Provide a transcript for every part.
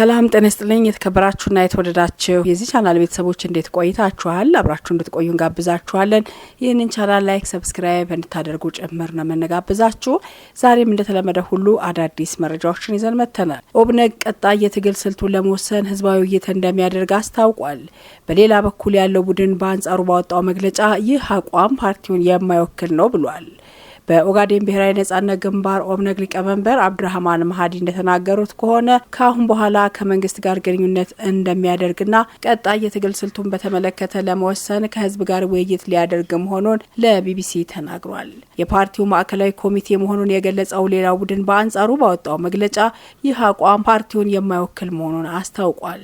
ሰላም ጤና ይስጥልኝ። የተከበራችሁና የተወደዳችሁ የዚህ ቻናል ቤተሰቦች እንዴት ቆይታችኋል? አብራችሁ እንድትቆዩ እንጋብዛችኋለን። ይህንን ቻናል ላይክ፣ ሰብስክራይብ እንድታደርጉ ጭምር ነው የምንጋብዛችሁ። ዛሬም እንደተለመደ ሁሉ አዳዲስ መረጃዎችን ይዘን መጥተናል። ኦብነግ ቀጣይ የትግል ስልቱን ለመወሰን ህዝባዊ ውይይት እንደሚያደርግ አስታውቋል። በሌላ በኩል ያለው ቡድን በአንጻሩ ባወጣው መግለጫ ይህ አቋም ፓርቲውን የማይወክል ነው ብሏል። በኦጋዴን ብሔራዊ ነጻነት ግንባር ኦብነግ ሊቀመንበር አብድራህማን መሀዲ እንደተናገሩት ከሆነ ከአሁን በኋላ ከመንግስት ጋር ግንኙነት እንደሚያደርግና ቀጣይ የትግል ስልቱን በተመለከተ ለመወሰን ከህዝብ ጋር ውይይት ሊያደርግ መሆኑን ለቢቢሲ ተናግሯል። የፓርቲው ማዕከላዊ ኮሚቴ መሆኑን የገለጸው ሌላው ቡድን በአንጻሩ ባወጣው መግለጫ ይህ አቋም ፓርቲውን የማይወክል መሆኑን አስታውቋል።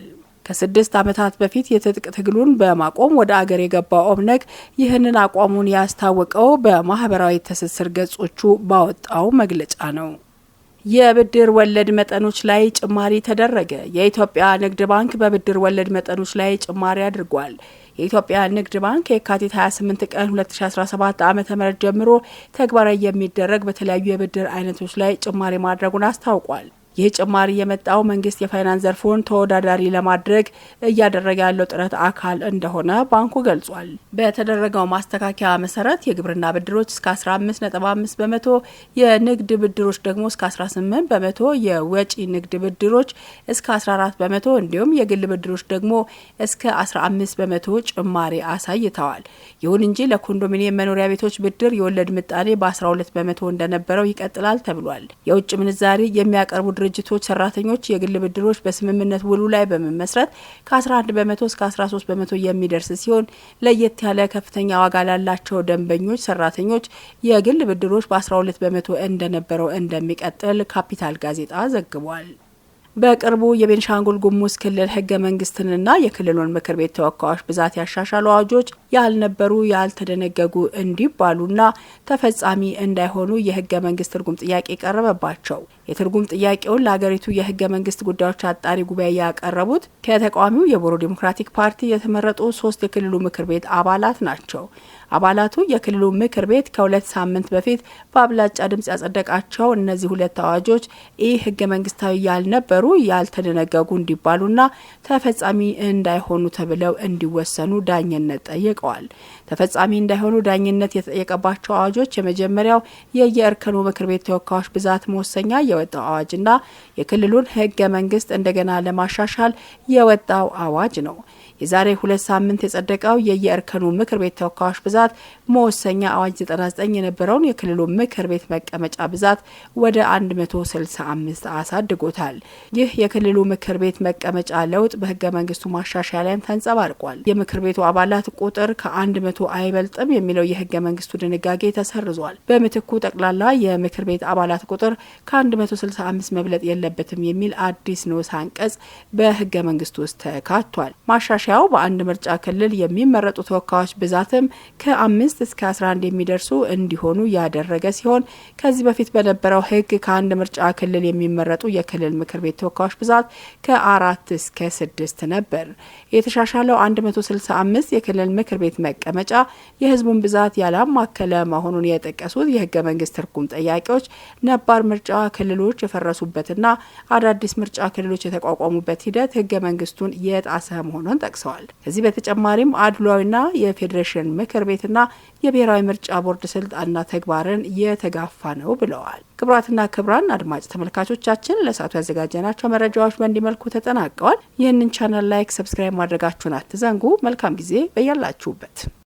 ከስድስት ዓመታት በፊት የትጥቅ ትግሉን በማቆም ወደ አገር የገባው ኦብነግ ይህንን አቋሙን ያስታወቀው በማህበራዊ ትስስር ገጾቹ ባወጣው መግለጫ ነው። የብድር ወለድ መጠኖች ላይ ጭማሪ ተደረገ። የኢትዮጵያ ንግድ ባንክ በብድር ወለድ መጠኖች ላይ ጭማሪ አድርጓል። የኢትዮጵያ ንግድ ባንክ የካቲት 28 ቀን 2017 ዓ ም ጀምሮ ተግባራዊ የሚደረግ በተለያዩ የብድር አይነቶች ላይ ጭማሪ ማድረጉን አስታውቋል። ይህ ጭማሪ የመጣው መንግስት የፋይናንስ ዘርፉን ተወዳዳሪ ለማድረግ እያደረገ ያለው ጥረት አካል እንደሆነ ባንኩ ገልጿል። በተደረገው ማስተካከያ መሰረት የግብርና ብድሮች እስከ 15.5 በመቶ፣ የንግድ ብድሮች ደግሞ እስከ 18 በመቶ፣ የወጪ ንግድ ብድሮች እስከ 14 በመቶ እንዲሁም የግል ብድሮች ደግሞ እስከ 15 በመቶ ጭማሪ አሳይተዋል። ይሁን እንጂ ለኮንዶሚኒየም መኖሪያ ቤቶች ብድር የወለድ ምጣኔ በ12 በመቶ እንደነበረው ይቀጥላል ተብሏል። የውጭ ምንዛሪ የሚያቀርቡ ድርጅቶች ሰራተኞች የግል ብድሮች በስምምነት ውሉ ላይ በመመስረት ከ11 በመቶ እስከ 13 በመቶ የሚደርስ ሲሆን ለየት ያለ ከፍተኛ ዋጋ ላላቸው ደንበኞች ሰራተኞች የግል ብድሮች በ12 በመቶ እንደነበረው እንደሚቀጥል ካፒታል ጋዜጣ ዘግቧል። በቅርቡ የቤንሻንጉል ጉሙዝ ክልል ህገ መንግስትንና የክልሉን ምክር ቤት ተወካዮች ብዛት ያሻሻሉ አዋጆች ያልነበሩ ያልተደነገጉ እንዲባሉና ተፈጻሚ እንዳይሆኑ የህገ መንግስት ትርጉም ጥያቄ ቀረበባቸው። የትርጉም ጥያቄውን ለሀገሪቱ የህገ መንግስት ጉዳዮች አጣሪ ጉባኤ ያቀረቡት ከተቃዋሚው የቦሮ ዴሞክራቲክ ፓርቲ የተመረጡ ሶስት የክልሉ ምክር ቤት አባላት ናቸው። አባላቱ የክልሉ ምክር ቤት ከሁለት ሳምንት በፊት በአብላጫ ድምፅ ያጸደቃቸው እነዚህ ሁለት አዋጆች ኢ ህገ መንግስታዊ ያልነበሩ ያልተደነገጉ እንዲባሉና ተፈጻሚ እንዳይሆኑ ተብለው እንዲወሰኑ ዳኝነት ጠይቀዋል። ተፈጻሚ እንዳይሆኑ ዳኝነት የተጠየቀባቸው አዋጆች የመጀመሪያው የየእርከኑ ምክር ቤት ተወካዮች ብዛት መወሰኛ የወጣው አዋጅና የክልሉን ህገ መንግስት እንደገና ለማሻሻል የወጣው አዋጅ ነው። የዛሬ ሁለት ሳምንት የጸደቀው የየእርከኑ ምክር ቤት ተወካዮች ብዛት መወሰኛ አዋጅ 99 የነበረውን የክልሉ ምክር ቤት መቀመጫ ብዛት ወደ 165 አሳድጎታል። ይህ የክልሉ ምክር ቤት መቀመጫ ለውጥ በህገ መንግስቱ ማሻሻያ ላይም ተንጸባርቋል። የምክር ቤቱ አባላት ቁጥር ከ100 አይበልጥም የሚለው የህገ መንግስቱ ድንጋጌ ተሰርዟል። በምትኩ ጠቅላላ የምክር ቤት አባላት ቁጥር ከ1 165 መብለጥ የለበትም የሚል አዲስ ንዑስ አንቀጽ በህገ መንግስት ውስጥ ተካቷል። ማሻሻያው በአንድ ምርጫ ክልል የሚመረጡ ተወካዮች ብዛትም ከአምስት እስከ 11 የሚደርሱ እንዲሆኑ ያደረገ ሲሆን ከዚህ በፊት በነበረው ህግ ከአንድ ምርጫ ክልል የሚመረጡ የክልል ምክር ቤት ተወካዮች ብዛት ከአራት እስከ ስድስት ነበር። የተሻሻለው 165 የክልል ምክር ቤት መቀመጫ የህዝቡን ብዛት ያላማከለ መሆኑን የጠቀሱት የህገ መንግስት ትርጉም ጠያቂዎች ነባር ምርጫ ክልል ክልሎች የፈረሱበትና አዳዲስ ምርጫ ክልሎች የተቋቋሙበት ሂደት ህገ መንግስቱን የጣሰ መሆኑን ጠቅሰዋል። ከዚህ በተጨማሪም አድሏዊና የፌዴሬሽን ምክር ቤትና የብሔራዊ ምርጫ ቦርድ ስልጣንና ተግባርን የተጋፋ ነው ብለዋል። ክቡራትና ክቡራን አድማጭ ተመልካቾቻችን ለሰዓቱ ያዘጋጀናቸው መረጃዎች በእንዲህ መልኩ ተጠናቀዋል። ይህንን ቻናል ላይክ፣ ሰብስክራይብ ማድረጋችሁን አትዘንጉ። መልካም ጊዜ በያላችሁበት